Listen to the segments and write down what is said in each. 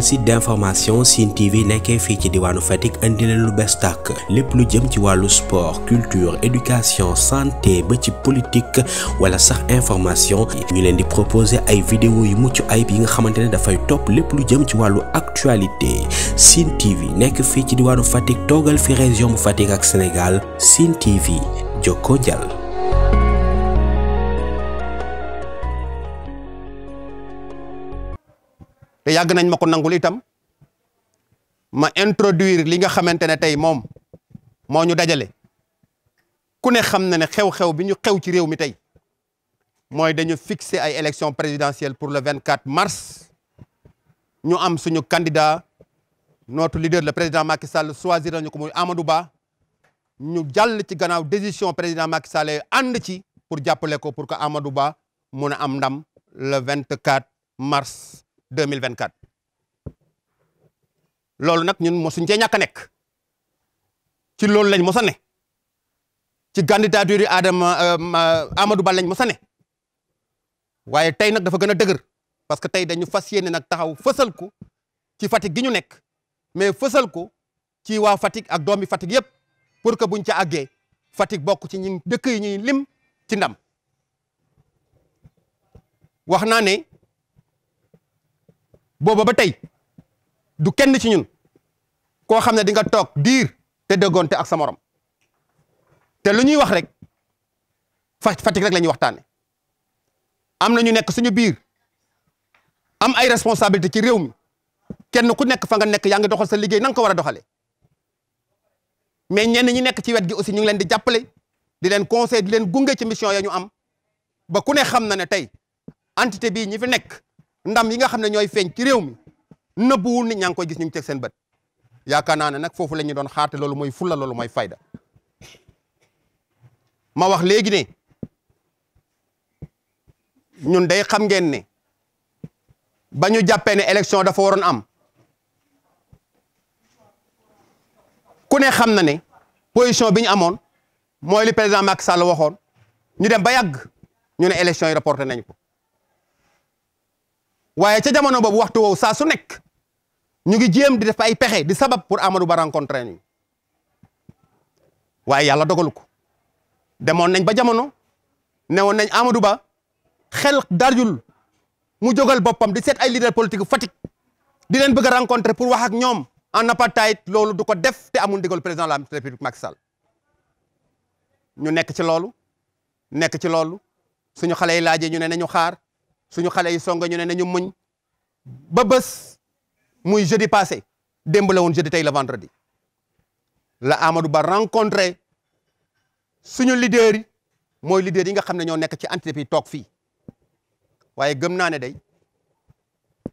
site d'information sin TV qu'un fichier ci diwanu Fatick andi leen lu bees tàkk plus lu jëm ci sport culture éducation santé ba ci politique wala sax information ñu leen di proposer ay vidéo yu muccu ay bi nga xamantene le top top lepp lu jëm ci walu actualité sin TV nek fi ci diwanu Fatick togal fi région bu ak Sénégal TV joko te yàgg nañ ma ko nangul itam ma introduire li nga xamante ne tey moom moo ñu dajale ku ne xam na ne xew-xew bi ñu xew ci réew mi tey mooy dañu fixer ay élections présidentielles pour le 24 mars ñu am suñu candidat notre leader le président Macky Sall choisir nañu ko muy Amadou Ba ñu jàll ci gannaaw décision président Macky Sall ànd ci pour jàppale ko pour que Amadou Ba mun a am ndam le 24 mars deux mille vingt quatre loolu nag ñun mosuñ cee ñàkk nekk ci loolu lañ mos ne ci candidature yi Adama euh, euh, Amadou Ba lañ mos ne waaye tey nag dafa gën a dëgër parce que tey dañu fas yéene nag taxaw fësal ko ci Fatick gi ñu nekk mais fësal ko ci waa Fatick ak doomi Fatick yëpp pour que buñ ci àggee Fatick bokk ci ñi dëkk yi ñuy lim ci ndam wax naa ne booba ba tay du kenn ci ñun ko xamne di nga tok dir te déggoonte ak sa morom te lu ñuy wax rek fatik rek lañuy waxtane am nañu nek suñu bir am ay responsabilité ci réew mi kenn ku nek fa nga nek ya nga doxal sa liggey nang ko wara doxale mais ñen ñi nek ci wet gi aussi ñu ngi leen di jappalé di leen conseil di leen gungé ci mission ya ñu am ba ku ne xam na ne tay entité bi ñi fi nek ndam yi nga xam ne ñooy feeñ ci réew mi nëbbuwul nit ñaa ngi koy gis ñu ngi teg seen bat yaakaar naa ne nag foofu la ñu doon xaar te loolu mooy fulla loolu mooy fayda ma wax léegi ne ñun day xam ngeen ne ba ñu jàppee ne élection dafa waroon am ku ne xam na ne position bi ñu amoon mooy li président Macky Sall waxoon ñu dem ba yàgg ñu ne élection yi reporté nañ ko waye ca jamono bobu waxtu wo sa su nek ñu ngi jëm di def ay pexé di sabab pour Amadou Ba rencontré ñu waye yalla dogalu ko nañ ba jamono newon nañ Amadou Ba xel darjul mu jogal boppam di set ay leader politique fatik, di len bëgg a rencontré pour wax ak ñom en apartheid lolu du def te amul ndigal président la république Macky Sall ñu nek ci lolu nek ci lolu suñu xalé yi ñu ne nañu xaar suñu xale yi songa ñu ne nañu muñ ba bés muy jeudi passé démb la woon jeudi tey la vendredi la Amadou Ba rencontré suñu leader yi mooy leader yi nga xam ne ñoo nekk ci entité bi toog fii waaye gëm naa ne day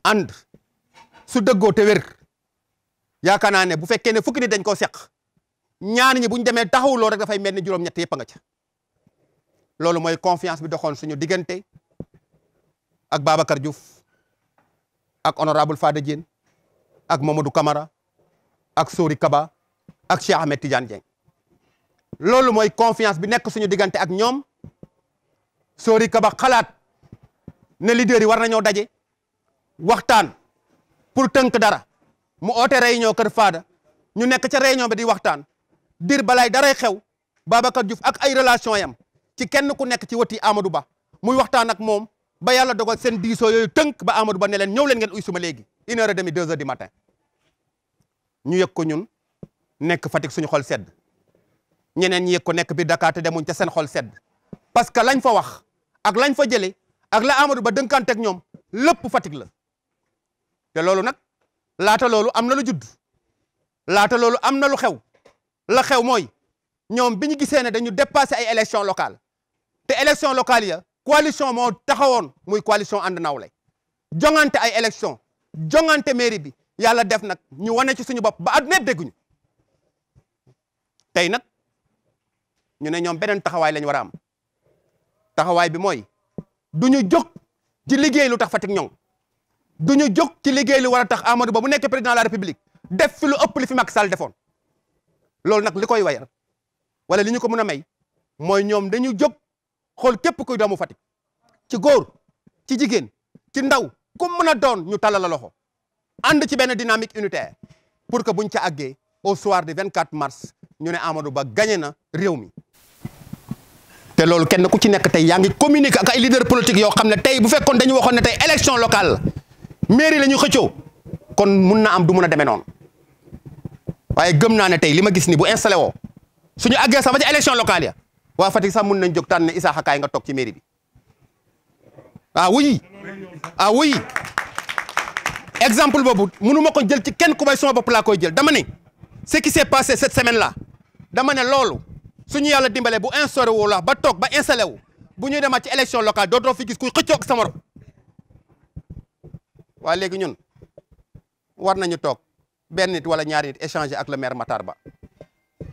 ànd su dëggoo te wér yaakaar naa ne bu fekkee ne fukki nit dañ koo seq ñaan ñi bu ñu demee taxawuloo rek dafay mel ni juróom-ñett yëpp nga ca loolu mooy confiance bi doxoon suñu diggante ak Babacar Diouf ak honorable Fada Diène ak Mamadou kamara ak soori Kaba ak Cheikh Ahmed Tidiane Dieng loolu mooy confiance bi nekk suñu diggante ak ñoom soori Kaba xalaat ne leader yi war nañoo daje waxtaan pour tënk dara mu oote réunion kër Fada ñu nekk ca réunion bi di waxtaan dir balay daray xew Babacar Diouf ak ay relation yam ci kenn ku nekk ci wati Amadou Ba muy waxtaan ak moom ba yàlla dogal seen diisoo yooyu tënk ba Amadou Ba ne leen ñëw leen ngeen uy suma léegi une heure et demie deux heures du matin ñu yëg ko ñun nekk Fatick suñu xol sedd ñeneen ñi yëg ko nekk bi Dakar te demuñ ca seen xol sedd parce que lañ fa wax ak lañ fa jëlee ak la Amadou Ba dënkaante ak ñoom lépp Fatick la te loolu nag lu judd lata loolu am lu xew la xew mooy ñoom bi ñu gisee dañu dépassé ay te élections locales ya coalition moo taxawoon muy coalition ànd nawle jongante ay élection jongante mairie bi yàlla def nag ñu wane ci suñu bopp ba àdduna dégguñu tey nag ñu ne ñoom beneen taxawaay lañ war a am taxawaay bi mooy du ñu jóg ci liggéey lu tax Fatick ñoŋ du ñu jóg ci liggéey lu war a tax Amadou Ba mu nekk président la république def fi lu ëpp li fi Macky sal defoon loolu nag li koy wayal wala li ñu ko mën a may mooy ñoom dañu jóg xool képp kuy doomu Fatick ci góor ci jigéen ci ndaw ku mën a doon ñu tala la loxo ànd ci benn dynamique unitaire pour que buñ ca àggee au soir du 24 mars ñu ne Amadou Ba gagné na réew mi. te loolu kenn ku ci nekk tey yaa ngi communiquer ak ay leader politique yoo xam ne tey bu fekkoon dañu waxoon ne tey élection locale mairie la ñu xëccoo kon mun na am du mun a demee noonu waaye gëm naa ne tey li ma gis ni bu installé woo suñu àggee sax ba ci élection locale ya waa Fatick sax mun nañ jóg tànn ne Isaaxa kaay nga toog ci mairie bi ah oui ah oui exemple boobu mënu ma ko jël ci kenn ku may sama bopp laa koy jël dama ne ce qui s'est passé cette semaine la dama ne loolu suñu yàlla dimbale bu instauré wu la ba toog ba installé wu bu ñuy demaat ci élection locale dootoo fi gis kuy xëccoo ak sa morom léegi ñun war nañu toog bennit wala ñaari nit échanger ak le maire mataar Ba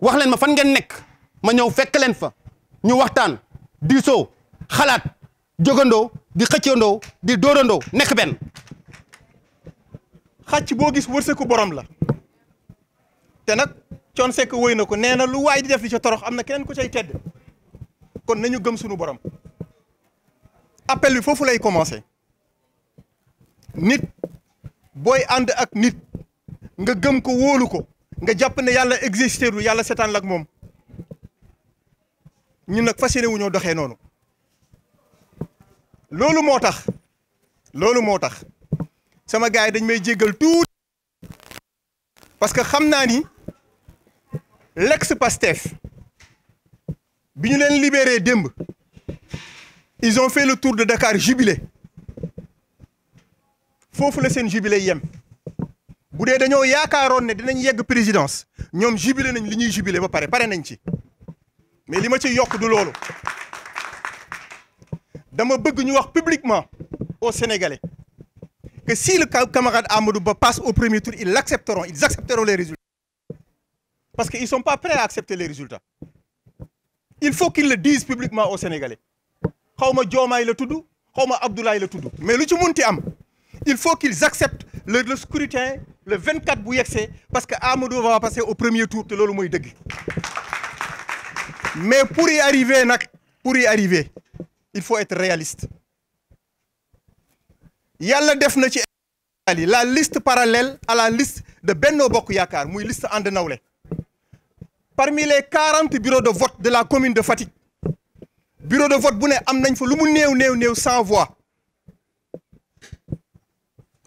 wax leen ma fan ngeen nekk ma ñëw fekk leen fa ñu waxtaan diisoo xalaat jógandoo di xëccandoo di dóorandoo nekk benn xàcc boo gis ko borom la te nag coon sekk wëy na ko nee na lu waay di def li ca torox am na keneen ko cay tedd kon nañu gëm sunu borom appel bi foofu lay commencé nit booy ànd ak nit nga gëm ko wóolu ko nga japp ne yalla existeru yàlla setaan la ak moom ñun nag fas yéene wu ñoo doxee noonu loolu moo sama gaay dañ may djéggal tout parce que xamna ni l'ex Pastef bi ñu libéré demb ils ont fait le tour de Dakar jubilé fofu la sen jubilé yem vous avez dañoo yaakaaroon ne dinañ yegg présidence ñoom jubilé nañ li ñuy jubilé ba ne pare nañ ci mais ce que ci yokk du loolu dama bëgg ñu publiquement aux Sénégalais que si le camarade Amadou passe au premier tour ils l'accepteront ils accepteront les résultats parce qu'ils ne sont pas prêts à accepter les résultats il faut qu'ils le disent publiquement aux Sénégalais Je ne Diomaye la tudd xaw Comment Abdoulaye la tout. mais ce ci munti am il faut qu'ils acceptent le scrutin le 24 bu c'est parce que Amadou va passer au premier tour de loolu mais pour y arriver pour y arriver il faut être réaliste Il def na ci la liste parallèle à la liste de Benno Bokk Yakar, liste de Nawlé. parmi les 40 bureaux de vote de la commune de les bureau de vote bu né am nañ fa lu mu voix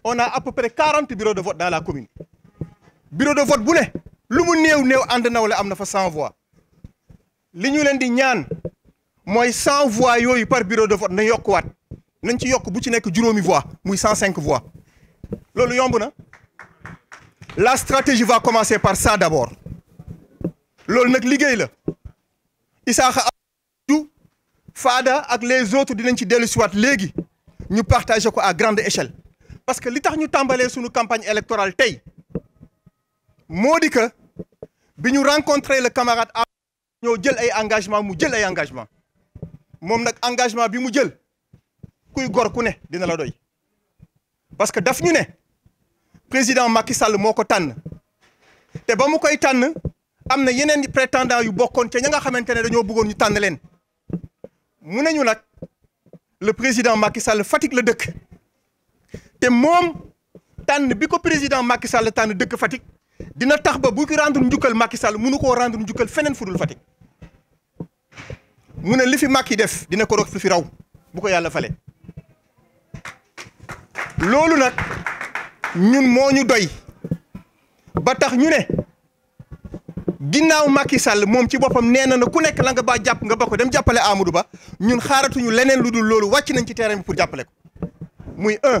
on a à peu près 40 bureaux de vote dans la commune bureau de vote boule, ne lu mu en train Les nawle 100 voix li ñu leen di ñaan 100 voix par bureau de vote na yokkuwaat nañ ci yokk bu de voix muy 105 voix loolu yomb na la stratégie va commencer par ça d'abord loolu nag liggéey la de du Fada et les autres qui ci fait le de ñu partager ko à grande échelle parce que li nous ñu sur une campagne électorale tay. moo que le camarade a jël ay engagement mu jël ay engagement mom nak engagement bi mu jël kuy gor dina la doy parce que daf ñu président Macky Sall moko ko té ba mu koy amna na prétendant yu bokkon le président Macky Sall fatigue le te moom tànn bi ko président Macky Sall tànn dëkk Fatick dina tax ba bu ko rendre njukkal Macky Sall mënu koo rendre njukkal feneen fudul Fatick mu ne li fi Macky def dina ko rox fi raw bu ko yàlla fale loolu nag ñun moo ñu doy ba tax ñu ne ginnaaw Macky Sall moom ci boppam nee na na ku nekk la nga ba jàpp nga ba dem jàppale Amadou Ba ñun xaaratuñu leneen lu dul loolu wàcc nañ ci terrain bi pour jàppale ko muy un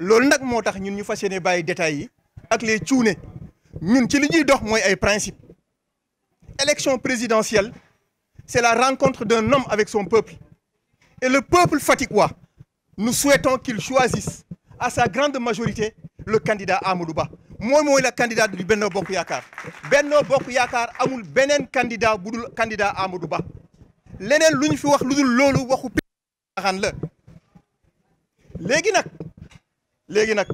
loolu nag moo tax ñun ñu fas détails yi ak les cuune ñun ci li dox élection présidentielle c'est la rencontre d'un homme avec son peuple et le peuple fatigué, nous souhaitons qu'il choisisse à sa grande majorité le candidat Amadou Ba je suis le candidat du Benno Bokk Yaakaar Benno Bokk Yaakaar amul beneen candidat bu candidat Amadou Ba leneen lu ñu fi wax lu dul loolu waxu paaxaan la léegi léegi nak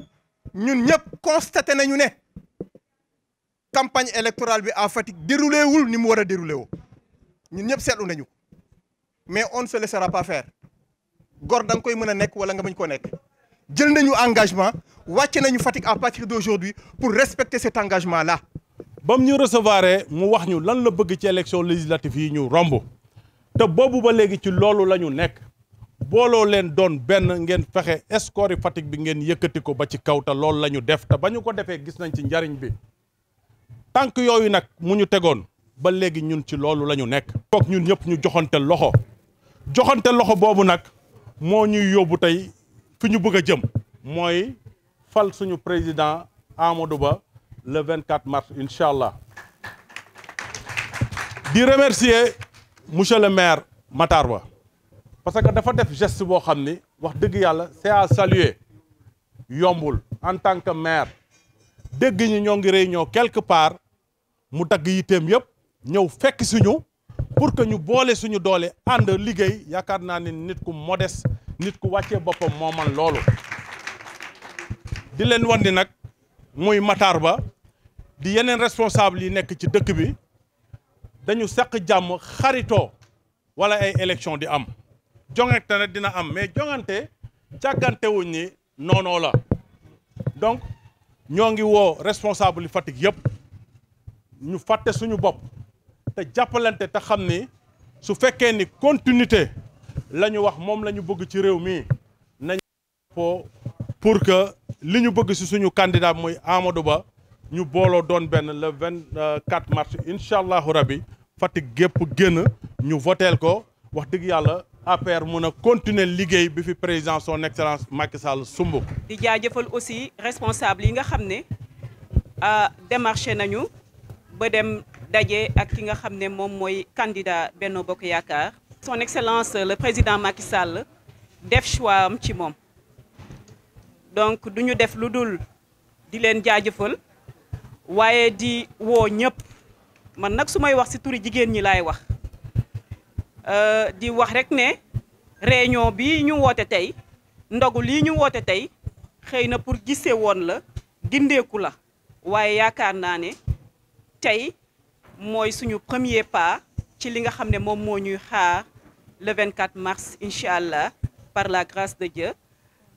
ñun ñëpp constaté nañu né campagne électorale bi a fatik déroulé wul ni mu wara déroulé wo ñun ñëpp sétlu nañu mais on ne se laissera pas faire gor da nga koy mëna nek wala nga bañ ko nek jël nañu engagement wàcc nañu fatik à partir d'aujourd'hui pour respecter cet engagement là. bam ñu recevoir mu wax ñu lan la bëgg ci élection législative yi ñu rombo té bobu ba légui ci lolu lañu nek booloo leen doon benn ngeen fexe escore yi bi ngeen yëkkati ko ba ci kaw te loolu la ñu def te ba ñu ko defee gis nañ ci njariñ bi tànk yooyu nag mu ñu tegoon ba léegi ñun ci loolu la ñu nekk. foog ñun ñëpp ñu joxante loxo joxante loxo boobu nag moo ñuy yóbbu tey fi ñu bëgg a jëm mooy fal suñu président Amadou Ba le 24 mars incha allah di remercier monsieur le maire Matar Ba parce que dafa def geste boo xam ni wax dëgg yàlla c'est à saluer yombul en tant que maire dëgg ñi ñoo ngi rey réunion quelque part mu dagg yitteem yëpp ñëw fekk suñu pour que ñu boole suñu doole ànd liggéey yaakaar naa ni nit ku modeste nit ku wàccee boppam moo man loolu di leen wandi nag muy Matar Ba di yeneen responsable yi nekk ci dëkk bi dañu seq jàmm xaritoo wala ay élection di am jongante ne dina am mais jongante jàggante wuñ ni noonoo la donc ñoo ngi woo responsable yi Fatick yëpp ñu fàtte suñu bopp te jàppalante te xam ni su fekkee ni continuité la ñu wax moom la ñu bëgg ci réew mi nañ pour que li ñu bëgg si suñu candidat muy Amadou Ba ñu booloo doon benn le vingt quatre mars incha allahu rabi Fatick gépp génn ñu voteel ko wax dëgg yàlla APR mun a continuer liggéey bi fi président son excellence Macky Sall sumb. di jaajëfal aussi responsable yi nga xamné ne euh, démarché nañu ba dem dajé ak ki nga xamné mom moy candidat Benno Bokk Yakar son excellence le président Macky Sall def choix am ci mom donc duñu def lu di len jaajëfal wayé di wo ñëpp man nak sumay wax ci turi jigen ñi lay wax. Euh, di wax rek ne réunion bi ñu woté tay ndogu li ñu woté tay xeyna pour gissé là, la la waye na né tay premier pas ci li nga xamné mom mo le 24 mars inshallah par la grâce de Dieu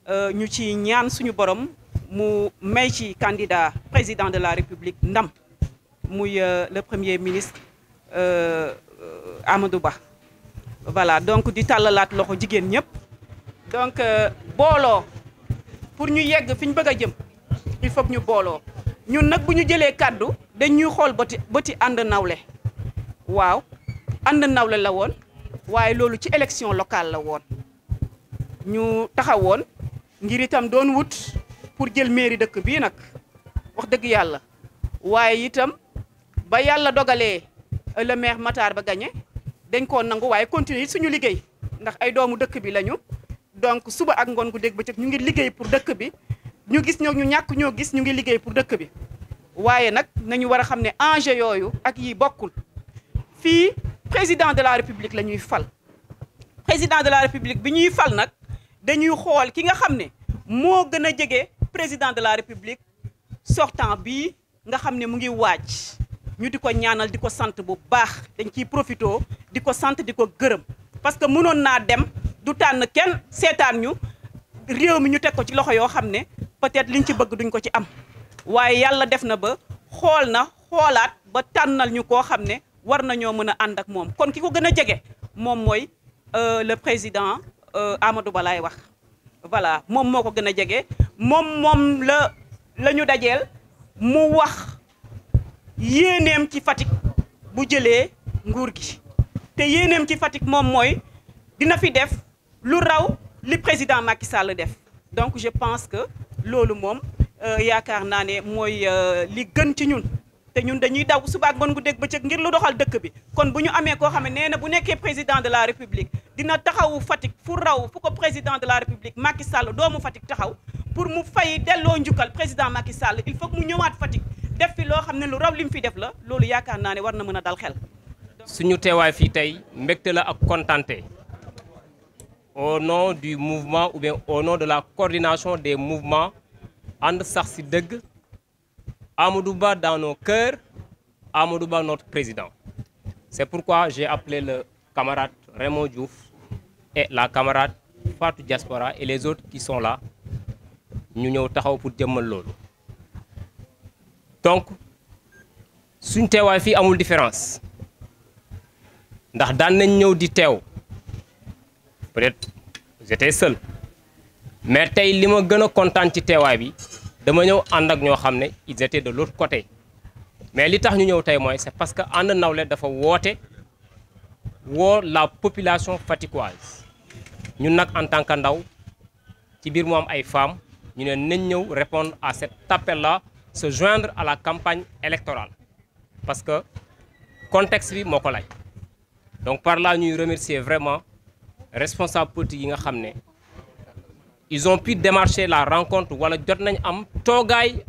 euh, ñu ci ñaan suñu borom mu may candidat président de la république ndam muy euh, le premier ministre Amadou Ba voilà donc di tàllalaat loxo jigéen ñëpp donc euh, booloo pour ñu yegg fi ñu bëgg a jëm il faut ñu booloo ñun nag bu ñu jëlee kàddu dañ xool bëti bëti ànd nawle waaw ànd nawle la woon waaye loolu ci élection locale la woon ñu taxawoon ngir itam doon wut pour jël mairie dëkk bii nag wax dëgg yàlla waaye itam ba yàlla dogalee le maire Matar ba gagné dañ ko nangu waye continuer suñu liguey ndax ay doomu des bi lañu donc suba ak ngoon gu dégg bëccëg ñu ngi Nous pour fait, bi ñu gis ñu ñak ñoo gis ñu ngi pour bi waye nak nañu wara a enjeu ak yi bokul président de la république la fal président de la république biñuy fal dañuy ki nga président de la république sortant nga mu ngi ñu di ko ñaanal di ko sant bu baax dañ ciy profité di ko sant di ko gërëm parce que mënoon naa dem du tànn kenn seetaan ñu réew mi ñu teg ko ci loxo yoo xam ne peut-être liñ ci bëgg duñ ko ci am waaye yàlla def na ba xool na xoolaat ba tànnal ñu koo xam ne war nañoo mën a ànd ak moom kon ki ko gën a jege moom mooy euh, le président euh, Amadou Ba wax voilà moom moo ko gën a jege moom moom la la ñu dajeel mu wax yenem ci fatik bu jele nguur gi te yenem ci fatik mom moy dina fi def lu raw li président Macky Sall def donc je pense que loolu moom euh, yaakaar naa moy mooy euh, li gën ci ñun te ñun dañuy daw suba ak ngoon gu deg becc ngir lu doxal dëkk bi kon buñu amé ko xamné néna ne bu nekké président de la république dina taxawu fatik fu raw fu ko président de la république Macky Sall doomu fatik taxaw pour mu fay delo le président Macky Sall il faut mu nous Fatick def fi lo xamné lu raw lim fi def la lolu yaakaar war na mëna dal xel. suñu téway fi tay la ak au nom du mouvement ou bien au nom de la coordination des mouvements And sax si dans nos cœurs Amadou notre président. C'est pourquoi j'ai appelé le camarade Raymond Diouf et la camarade Fatou Diaspora et les autres qui sont là. ñu ñëw taxaw pour jëmmal loolu donc suñ teewaay fii amul différence ndax daan nañ ñëw di teew peut-être j'étais seul mais tey li ma gën a kontaan ci teewaay bi dama ñëw ànd ak ñoo xam ne ils étaient de l'autre côté mais li tax ñu ñëw tey mooy c'est parce que ànd nawle dafa woote woo la population faticoise ñun nag en tant que ndaw ci biir moom ay femmes Nous ne répondre à cet appel là se joindre à la campagne électorale parce que le contexte est moo donc par là nous remercions vraiment les responsables politiques. ils ont pu démarcher la rencontre am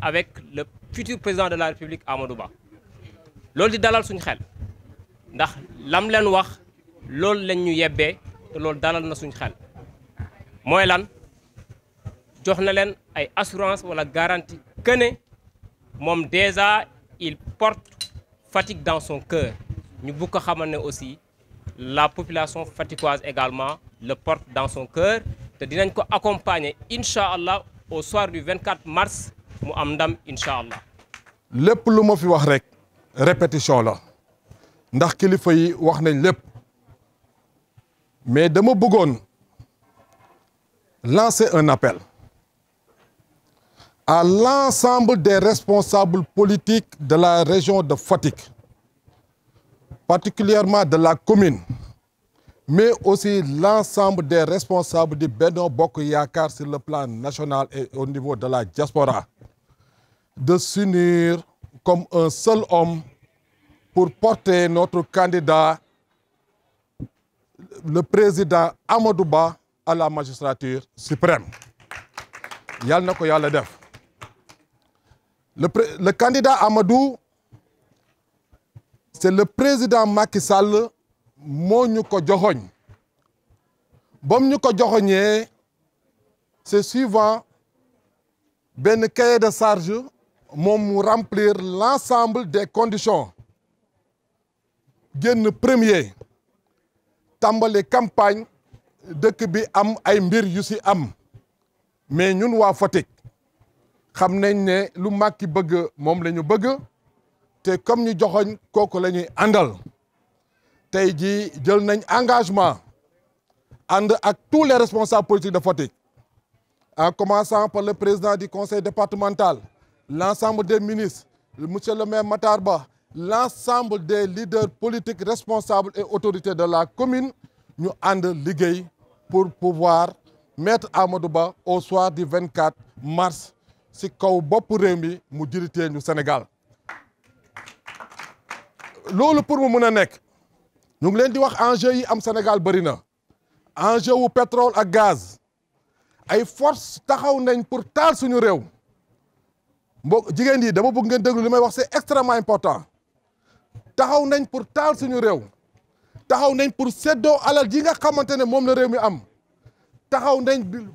avec le futur président de la république amadouba. Ba ce di nous suñu xel ndax lam leen wax c'est lañ ñu nous te loolu dalal na xel jox na leen ay assurance wala garantie que ne déjà il porte fatigue dans son cœur Nous bugg ko aussi la population fatiguoise également le porte dans son cœur te dinañ ko accompagner incha au soir du 24 mars mu am ndam incha allah. lépp lu ma fi wax rek répétition la ndax kilifa yi wax nañ lépp mais dama bëggoon lancer un appel à l'ensemble des responsables politiques de la région de Fatik, particulièrement de la commune, mais aussi l'ensemble des responsables du Bédon Bokoyakar sur le plan national et au niveau de la diaspora, de s'unir comme un seul homme pour porter notre candidat, le président Amadouba, à la magistrature suprême. Yal le, candidat Amadou, c'est le président Macky Sall moo ko joxoñ c'est suivant ben cahier de charge remplir l'ensemble des conditions le premier tàmbali campagne de bi am ay mbir am mais nous avons fait. Je sais que lu Macky bëgg moom la nous bëgg et comme nous joxoñ kooku la andal, Nous engagement avec tous les responsables politiques de Fatick en commençant par le président du conseil départemental l'ensemble des ministres M. le maire Matarba, l'ensemble des leaders politiques responsables et autorités de la commune nous avons liggéey pour pouvoir mettre à Ba au soir du 24 mars si kaw bop rew mi mu jiritee ñu Sénégal lolu pour mu mun nek nekk ñu ngi leen di wax enjeu yi am Sénégal bari na enjeu wu pétrole ak gaz ay force taxaw nañ pour tal suñu rew mbok jigen yi dama bëgg ngeen déglu limay wax c'est extrêmement important taxaw nañ pour tal suñu rew taxaw nañ pour séddoo alal yi nga xamantene moom la réew mi am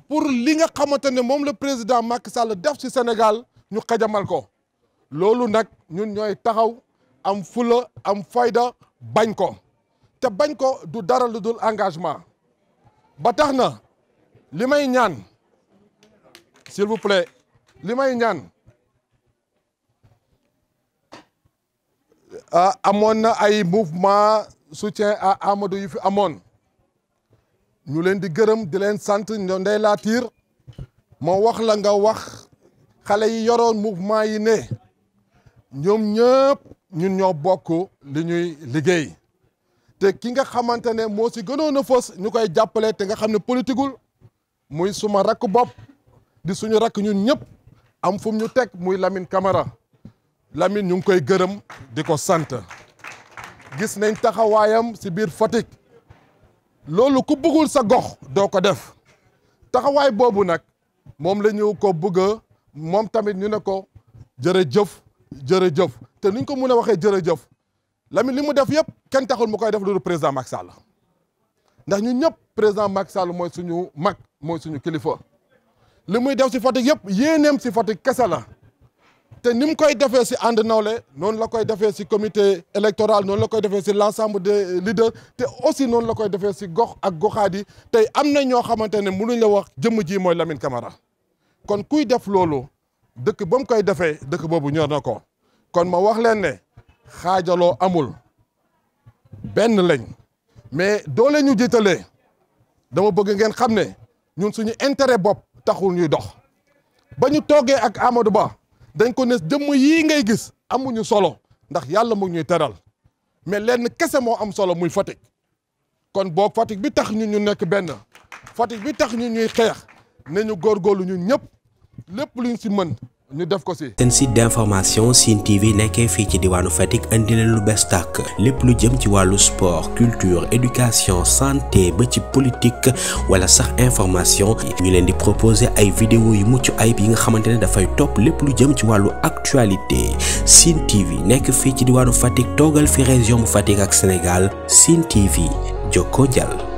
pour li nga ne le président Macky Sall def ci Sénégal ñu xajamal ko lolu nous ñun ñoy taxaw am fula am fayda bañ ko té bañ ko du dara dul engagement ba taxna limay ñaan s'il vous plaît limay ñaan ah, ay mouvement soutien à Amadou ñu leen di gërëm di leen sant Ndeye Latyr ma wax la nga wax xale yi yoroon mouvement yi ne ñoom ñëpp ñun ñoo bokk li ñuy liggéey te ki nga xamante ne moo si gënoon a fës ñu koy jàppale te nga xam ne politigul muy suma rakk bopp di suñu rakk ñun ñëpp am fu ñu teg muy Lamine kamera Lamine ñu ngi koy gërëm di ko sant gis nañ taxawaayam si biir Fatick loolu ku bëggul sa gox doo ko def taxawaay boobu nag moom la ñu ko bëgg a moom tamit ñu ne ko jërëjëf jërëjëf te nuñ ko mën a waxee jërëjëf Lamine li mu def yëpp kenn taxul mu koy def loolu président Macky Sall ndax ñu ñëpp président Macky Sall mooy suñu mag mooy suñu kilifa li muy def si Fatick yëpp yéeneem si Fatick kese la. te ni mu koy defee si ànd nawle noonu la koy defee si comité électoral noonu la koy defee si l' ensemble des leaders te aussi noonu la koy defee si gox ak goxaat yi tey am na ñoo xamante ne mënuñ la wax jëmm ji mooy Lamine Camara kon kuy def loolu dëkk ba mu koy defee dëkk boobu ñor na ko kon ma wax leen ne xaajaloo amul benn lañ mais doole ñu jiitalee dama bëgg ngeen xam ne ñun suñu intérêt bopp taxul ñuy dox ba ñu toogee ak Amadou Ba. dañ ko ne jëmm yii ngay gis amuñu solo ndax yàlla mu ñuy teral mais lenn kese moo am solo muy Fatick kon boog Fatick bi tax ñu ñu nekk benn Fatick bi tax ñu ñuy xeex ne góor góorlu ñu ñëpp lépp luñ si mën ñu def ko si. seen site d'information Sine TV nekkee fii ci diwaanu Fatick indi Le lu bees tàkk lépp lu jëm ci sport culture éducation santé ba ci politique wala sax information ñu leen di proposer ay vidéo yu mucc ayib yi nga xamante ne dafay top. lépp lu jëm ci wàllu actualité Sine TV nekk fii ci diwaanu Fatick toogal fi région bu Fatick ak Sénégal Sine TV jokkoo jàll.